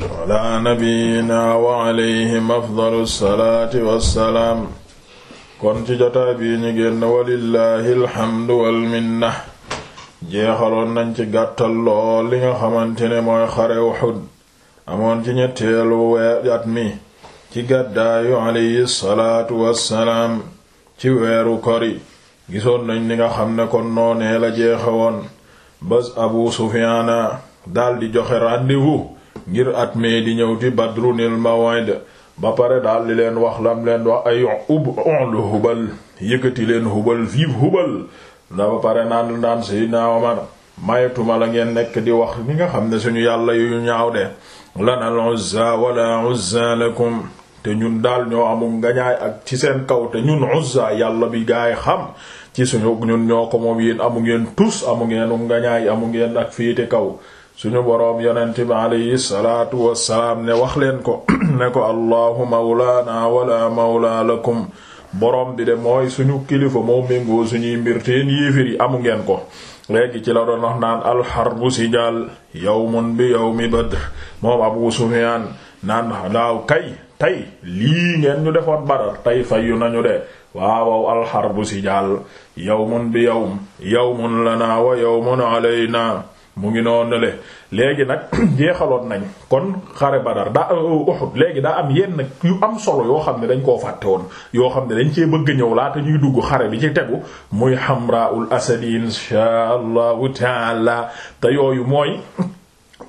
ala nabiyina wa alayhim afdalu salaati wassalaam kon ci jotaay bii ñu génn walillahi alhamdu walminna jeexaloon nañ ci gàttal lool nga xamante ne mooy xare Uhud amoon ci ñetteelu weer mi ci gàddaayu alayhi salaatu wassalaam ci weeru kori gisoon nañ li nga xam ne kon noonee la jeexe woon bés Abu Sufyaana daldi joxe rendez-vous ngir at mee di ñëw ci badrunil maw'id ba pare daal di leen wax lam leen wax ay ub onlu hubal yëkkati leen hubal vive hubal da ba pare naan ndaan Seydina Omar mayeetuma la ngeen nekk di wax li nga xam ne suñu yàlla yu ñaaw de lanal uzza wala uzza lakum te ñun daal ñoo amul ngañaay ak ci seen kaw te ñun uzza yàlla bi gaay xam ci suñu ñun ñoo ko moom yéen amu ngeen tus amu ngeen ngañaay amu ngeen ak féete kaw suñu boroom yonent bi alayhi wassalaam ne wax leen ko ne ko allahu mawlaana wala mawlaa lakum boroom bi de mooy suñu kilifa moo méngoo suñuy mbir teen yéefir yi amu ngeen ko léegi ci la doon wax naan alxarbu sijaal yawmun bi yawmi badr moom abu sufyaan naan laaw kay tey lii ngeen ñu defoon badar tey fayyu nañu de waawaw alxarbu sijaal yawmun bi yawm yawmun lanaa wa yawmun alaynaa mu ngi noonu le léegi nag jeexaloon nañ kon xare Badar daa euh, euh, Uhud léegi daa am yenn yu am solo yoo xam ne dañ koo fàtte woon yoo xam ne dañ cee bëgg ñëw laata ñuy dugg xare bi ci tegu muy Hamraul Asadi insha allahu taala te yooyu mooy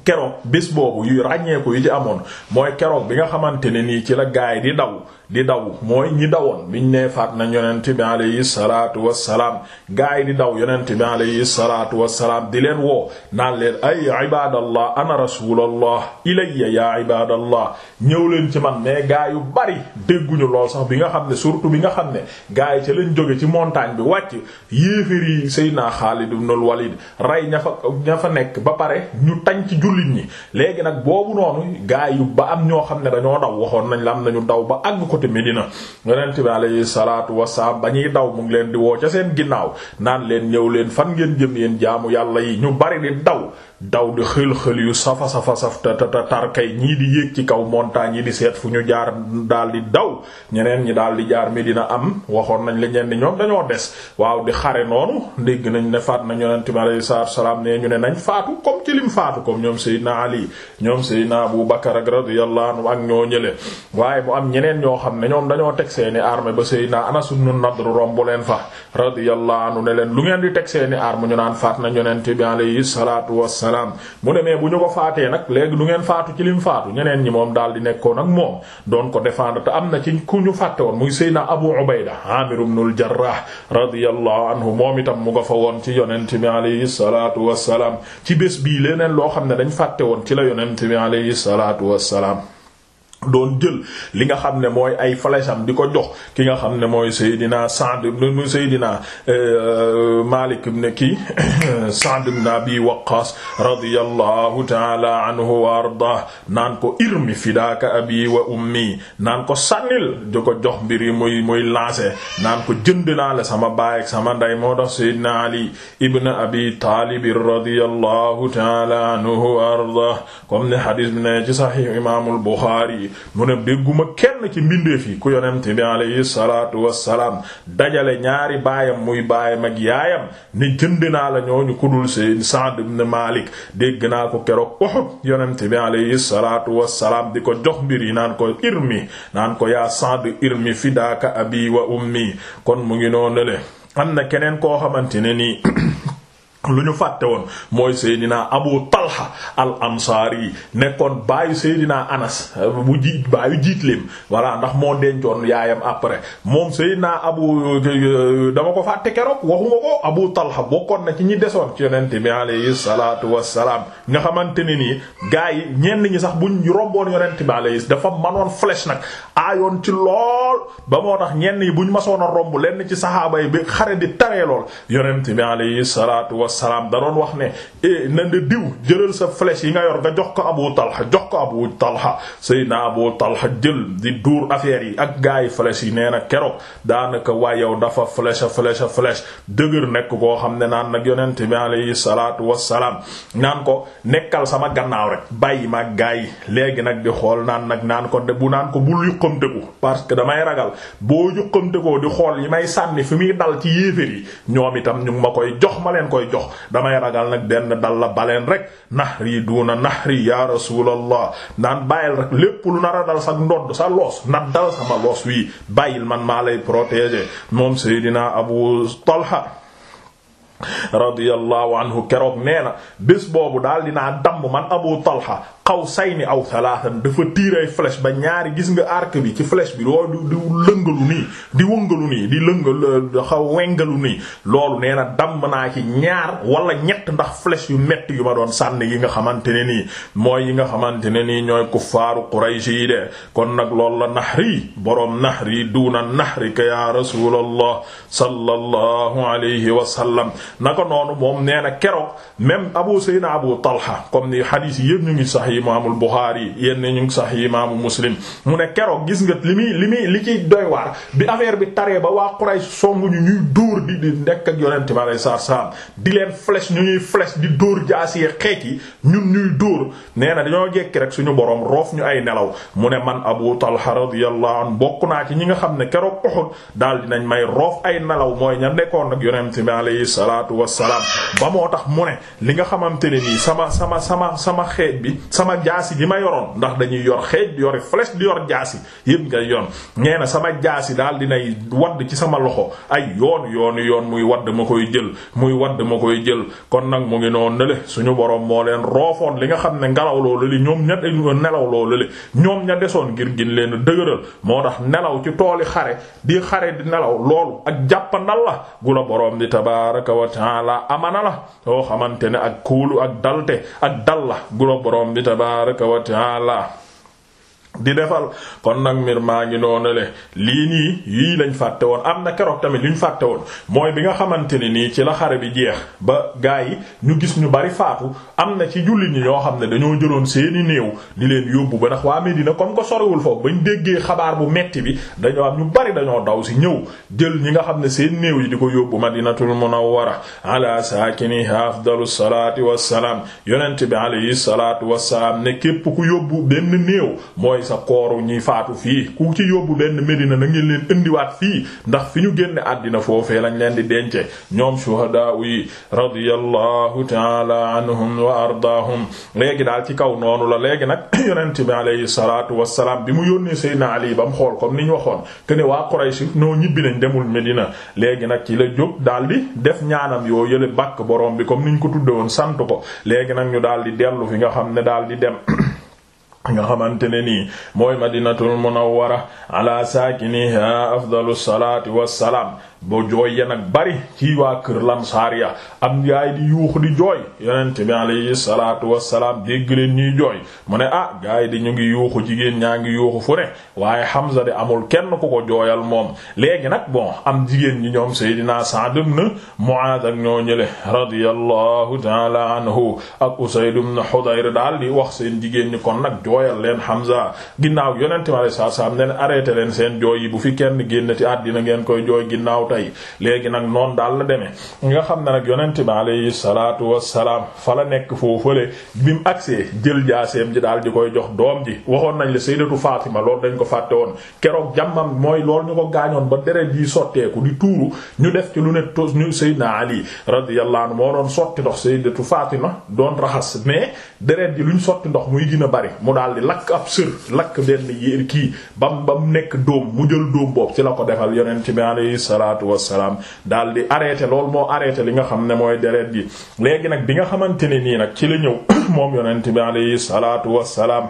keroog bés boobu yu ràññeeku yu ci amoon mooy keroog bi nga xamante ne nii ci la gaay di daw di daw mooy ñi dawoon biñ nee faat na nañ yonent bi alayhi salaatu wassalaam gaa yi di daw yonent bi alayhi salaatu wassalaam di leen woo naan leen ay ibadallah ana rasulallah ilayya ya ibadallah ñëw leen ci man mais gaa yu bari dégguñu lool sax bi nga xam ne surtout bi nga xam ne gaa yi ca lañ jóge ci montagne bi wàcc yéeféer yi Seydina Xaalid ibn al-Walid rey ña fa ña fa nekk ba pare ñu tañ ci jullit ñi léegi nag boobu noonu gaa yu ba am ñoo xam ne dañoo daw waxoon nañ la am nañu daw ba àgg ko côté Médina yonent bi alayhi salaatu wasalaam ba ñuy daw mu ngi leen di woo ca seen ginnaaw naan leen ñëw leen fan ngeen jëm yeen jaamu yàlla yi ñu bari di daw daw di xël-xël yu safa safa saf ta ta tarkay ñii di yéeg ci kaw montagne yi di seet fu ñu jaar daal di daw ñeneen ñi daal di jaar mi Médina am waxoon nañ la ñenn ñoom dañoo des waaw di xare noonu dégg nañ ne faat na yonent bi alayhi salaatu wasalaam ne ñu ne nañ faatu comme ci faatu comme ñoom Seydina Ali ñoom Seydina Abu Bakar ak radiyallahu ak ñoo xam ne ñoom dañoo teg seeni arme ba Seydina Anas ibn Nadr romb leen fa radiyallahu anhu ne leen lu ngeen di teg seeni arme ñu naan faat nañ yonent bi alayhi salaatu wassalaam mu ne mais bu ñu ko faatee nag léegi du ngeen faatu ci lim faatu ñeneen ñi moom daal di nekkoon ak moom doon ko défendre te am na ci ku ñu fàtte woon muy Seydina Abu Ubayda Amir ibn al-Jarrah radiyallahu anhu moom itam mu nga fa woon ci yonent bi alayhi salaatu wassalaam ci bés bii leneen loo xam ne dañ fàtte woon ci la yonent bi alayhi salaatu wassalaam doon jël li nga xam ne mooy ay flècham di ko jox ki nga xam ne mooy Seydina Sa'd ibn Seydina euh, Malik ibn ki Sa'd ibn Abi Waqqas radiyallahu ta'ala anhu naan ko irmi fidaaka abi wa ummi naan ko sànnil di ko jox mbir yi muy muy lancé naan ko jënd naa sama baay ak sama nday moo Seydina Ali ibn Abi Talib radiyallahu ta'ala anhu wa ardah comme ne hadith bi Imam al mu ne dégguma kenn ci mbindeef yi ku yonent bi alayhi salaatu wassalaam dajale ñaari baayam muy baay mag yaayam ni jënd naa la ñooñu ku dul seen Sa'd ibn Malik dégg naa ko keroog Uhud yonent bi alayhi salaatu wassalaam di ko jox mbir yi naan ko irmi naan ko yaa Sa'd fi daaka abi wa ummi kon mu ngi noonu le am na keneen koo xamante ne nii lu ñu fàtte woon mooy Seydina Abu Talha al yi nekkoon bàyyi baayu Seydina Anas bu ji baayu jiitleem voilà ndax moo dencoon yaayam après moom sey Seydina Abu dama ko fàtte keroog waxuma ko Abu Talha bokkoon na ci ñi desoon ci yonent bi alayhi salaatu wassalaam nga xamante ni nii gars yi ñenn ñi sax buñ romboon yonent bi alayhi dafa manoon flèche nag aayoon ci lool ba moo tax ñenn yi buñ masoon a ci saxaaba wasalaam da doon wax ne eh, na nga diw jëlal sa flèche yi nga yor nga jox ko Abu Talha jox ko Abu Talha naa Abu Talha jël di duur affaire yi ak gaa yi flèche yi nee na keroog daanaka waa yow dafa flèche flèche flèche dëgër nekk koo xam ne naan nag yonent bi alayhi salaatu wasalaam naan ko nekkal sama gannaaw rek bàyyi ma gaa yi léegi nag di xool naan nag naan ko bu naan ko bul yuqamteku parce que damay ragal boo yuqamtekoo di xool yi may sànni fi muy dal ci ñoom itam ñu ma koy jox ma leen koy jox damay ragal nag benn dal la baleen rek nahri duuna nahri ya rasulallah naan bàyyil rek lépp lu nar a dal sa ndodd sa loos nat dal sama loos wi bàyyil man maa lay protéger moom Seydina Abu Talha radiyallahu anhu keroog nee na bés boobu daal dinaa damm man Abu Talha qawsayni aw thalathan dafa tiiray flèche ba ñaari gis nga arc bi ci flèche bi loolu di lëngalu nii di wëngalu nii di lëngal euh, xaw wengalu nii loolu nee na damm naa ci ñaar wala ñett ndax flèche yu metti yu ma doon sànni yi nga xamante ne nii mooy yi nga xamante ne nii ñooy kuffaaru Quraysh yi de kon nag lool la nahri boroom nahri duuna nahrika ya rasulallah sallallahu alayhi wa sallam naka noonu moom nee na keroog même Abu Sayyidina Abu Talha comme ni hadith yépp ñu sahih imaamul Buxaari yenn ñu ngi sahih imaamu Muslim mu ne keroog gis nga li muy li muy li ciy doy waar bi affaire bi taree ba waa Quraysh songu ñu ñuy dóor di di nekk ak yonent bi alayhi salaatu salaam di leen flèche ñu ñuy flèche di dóor jaas yi yi ñun ñuy dóor nee na dañoo jekki rek suñu borom roof ñu ay nelaw mu ne man Abu Talha radiyallahu anhu bokk naa ci ñi nga xam ne keroog Uhud daal dinañ may roof ay nelaw mooy ña nekkoon ak yonent bi alayhi salaatu wassalaam ba moo tax mu ne li nga xamante ne nii sama sama sama sama xeej bi sama jaasi ji ma yoroon ndax dañuy yor xeej yori flèche di yor jaasi nga yoon nee na sama jaasi daal dinay wadd ci sama loxo ay yoon yoon yoon muy wadd ma koy jël muy wadd ma koy jël kon nag mu ngi noonu suñu borom moo leen roofoon li nga xam ne ngelaw loolu li ñoom ña nelaw loolu li ñoom ña desoon ngir gin leen dëgëral moo tax nelaw ci tooli xare di xare di nelaw loolu ak jàppandal la gu la borom di tabaraka wa taala amana la yoo xamante ne ak kóolu ak dalte ak dal la gu la borom di tabaaraka wa taala di defal kon nag mbir maa ngi noonu le lii nii yii lañ fàtte woon am na keroog tamit lu ñu fàtte woon mooy bi nga xamante ne nii ci la xare bi jeex ba gaa yi ñu gis ñu bari faatu am na ci jullit ñi ñoo xam ne dañoo jëloon seeni néew di leen yóbbu ba ndax waa Medina comme ko sorewul foofu bañ déggee xabaar bu metti bi dañoo am ñu bari dañoo daw si ñëw jël ñi nga xam ne seen néew yi di ko yóbbu Madinatul Munawwara ala saakiniha afdalu salaati wassalaam yonent bi alayhi salaatu wassalaam képp ku yóbbu benn néew mooy sa kooru ñi faatu fii ku ci yóbbu benn Medina na ngeen leen indiwaat fii ndax fi ñu génne àddina foofee lañ leen di dencee ñoom shuhadaa yi radiyallahu taala anhum wa ardaahum léegi daal ci kaw noonu la léegi nag yonent bi alayhi salaatu wassalaam bi mu yónnee Seydina Ali ba mu xool kom ni ñu waxoon que waa Quraysh noo ñibbi nañ demul Medina léegi nag ci la jóg daal di def ñaanam yoo yële bàkk borom bi comme ni ñu ko tudde woon sant ko léegi nag ñu daal di dellu fi nga xam ne daal di dem nga xamante ne nii mooy madinatul munawwara ala saakiniha afdalu salaati wassalaam ba jooy ya nag bari ci waa kër lamsaar ya am gaay di yuux di jooy yonent bi alayhi salaatu wassalaam dégg leen ñuy jooy mu ne ah gaay di ñu ngi yuuxu jigéen ñaa ngi yuuxu fu ne waaye Hamza de amul kenn ku ko jooyal moom léegi nag bon am jigéen ñi ñoom Seydina Sa'd ibn Mu'adh ak ñoo ñële radiyallahu taala anhu ak Usayd ibn Hudayr daal di wax seen jigéen ñi kon nag jooyal leen Hamza ginnaaw yonente mi alayhi salaatu salaam ne leen arrêté leen seen jooy yi bu fi kenn génnati àddina ngeen koy jooy ginnaaw tey léegi nag noonu daal la demee nga xam ne nag yonente mi alayhi salaatu wassalaam fa la nekk foofale bi mu agsee jël jaaseem ji daal di koy jox doom ji waxoon nañ la sayyidatu Fatima loolu dañ ko fàtte woon keroog jàmmam mooy loolu ñu ko gaañoon ba deret yi sotteeku di tuuru ñu def ci lu ne tos ñu Seydina Ali radiyallahu anhu moo doon sotti ndox sayyidatu Fatima doon raxas mais deret ji luñ sotti ndox muy a daal di lakk ab sër lakk benn yéer kii ba ba mu nekk dóom mu jël dóom boobu ci la ko defal yonent bi alayhi salaatu wassalaam daal di arrêté lool moo arrêté li nga xam ne mooy dereet gi léegi nag bi nga xamante ne nii nag ci la ñëw moom yonent bi alayhi salaatu wassalaam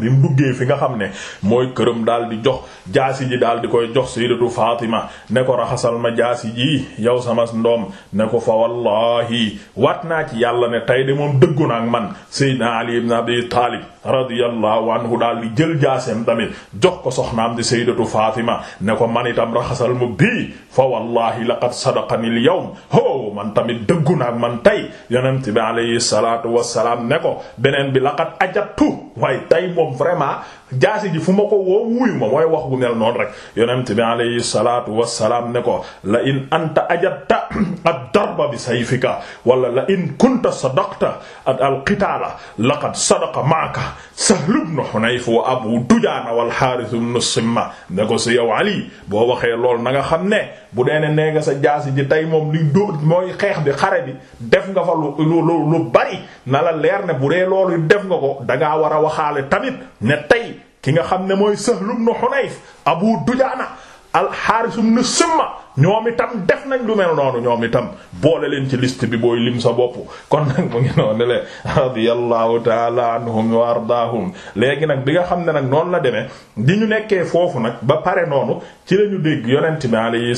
bi mu duggee fi nga xam ne mooy këram daal di jox jaasi ji daal di koy jox sayyidatu Fatima ne ko raxasal ma jaasi ji yow sama ndoom ne ko fa wallahi wat naa ci yàlla ne tey di moom dëggu na man sayyidina Ali ibn Abi Talib radiyallahu anhu daal di jël jaaseem tamit jox ko soxnaam di sayyidatu Fatima ne ko man raxasal mu bii fa wallahi laqad sadaqani al wow man tamit dëggu naag man tey yonent bi alayhi salaatu wassalaam ne ko beneen bi laqad ajabtu waaye tey moom vraiment jaasi ji fu ma ko woo ma mooy wax gu mel noonu rek yonent bi alayhi salaatu wassalaam ne ko la in anta ajabta ad-darba bi sayfika wala la in kunta sadaqta al-qitaala laqad sadaqa ma'aka Sahl ibn Hunayf wa Abu Dujaana wal Haarith ibn Simma ne ko si yow Ali boo waxee lool na nga xam ne bu dee nee nga sa jaasi ji tey moom li dóor mooy xeex bi xare bi def nga fa lu lu lu bari na la leer ne bu dee loolu def nga ko dangaa war a waxaale tamit ne tey ki nga xam ne mooy Sahl ibn Hunayf Abu Dujaana al-Haaris ibn Simma ñoom itam def nañ lu mel noonu ñoom itam boole leen ci list bi booy lim sa bopp kon nag mu ngi noonu le radiyallahu taala anhum wa ardaahum léegi nag bi nga xam ne nag noonu la demee di ñu nekkee foofu nag ba pare noonu ci la ñu dégg yonent bi alayhi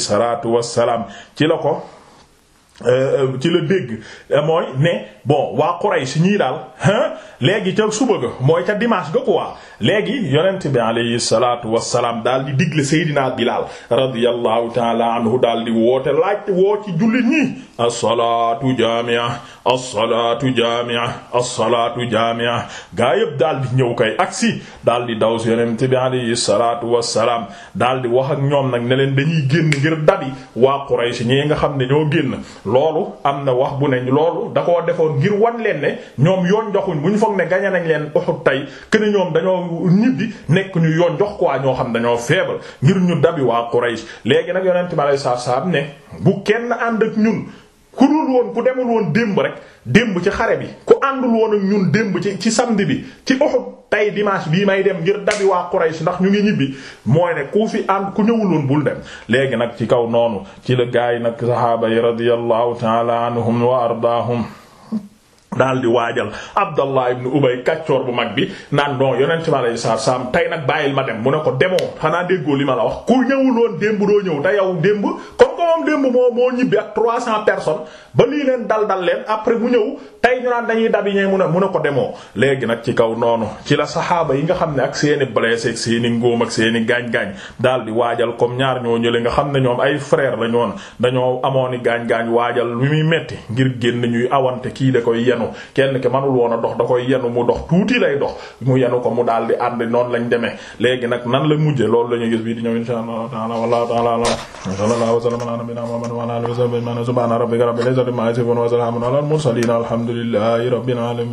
wassalaam ci la ko Euh, euh, ci la dégg euh, mooy ne bon waa Quraysh ñii daal léegi ca suba ga mooy ca dimanche ga quoi léegi yonent bi alayhi salaatu wa salaam daal di digle Seydina Bilaal radiyallahu taala anhu daal di woote laaj woo ci jullit ñi as-salaatu jaami'a as-salaatu jaami'a gaa yëpp daal di ñëw kay aksi daal di daw si yonent bi alayhi salaatu wassalaam daal di wax ñoom nag ne leen dañuy génn ngir tab yi waa Quraysh ñi nga xam ne ñoo génn loolu am na wax bu ne loolu da koo defoon ngir wan leen ne ñoom yoon joxuñ bu ñu foog ne gañe nañ leen Uhud tey kene ñoom dañoo ñibbi nekk ñu yoon jox waa ñoo xam dañoo feebal ngir ñu dabi waa Quraysh léegi nag yonent bi alayhi salaam ne bu kenn ànd ak ñun ku dul woon ku demul woon démb rek démb ci xare bi ku àndul woon ak ñun démb ci ci samedi bi ci Uhud tey dimanche bii may dem ngir dabi waa Quraysh ndax ñu ngi ñibbi mooy ne ku fi ànd ku ñëwul woon bul dem. léegi nag ci kaw noonu ci la gaay nag saxaaba yi radiyallahu ta'ala anhum wa ardaahum daal di waajal Abdallah ibn Ubay kàccoor bu mag bi naan non yonent ma lay saa saam tey nag bàyyil ma dem mu ne ko demoo xanaa déggoo li ma la wax ku ñëwul woon démb doo ñëw te yow démb comme que moom démb moo moo ñibbi ak 300 personnes ba lii leen dal dal leen après mu ñëw tey ñu naan dañuy dab yi ñee mu ne mu ko demoo. léegi nag ci kaw noonu ci la saxaaba yi nga xam ne ak seeni blessé ak seeni ngóom ak seeni gaañ-gaañ dal di waajal comme ñaar ñ ñële nga xam ne ñoom ay frère la ñoon dañoo amoon gaañ-gaañ waajal lu muy metti ngir génn ñuy awante kii da koy yenu yanu kenn ki manul a dox da koy yenu mu dox tuuti lay dox mu yenu ko mu daal di ànd noonu lañ demee léegi nag nan la mujje loolu la ñu gis bii di ñëw insha Allah taala wallahu taala ala sallallahu wa sallama ala nabina Muhammad wa alhamdulillahi rabbil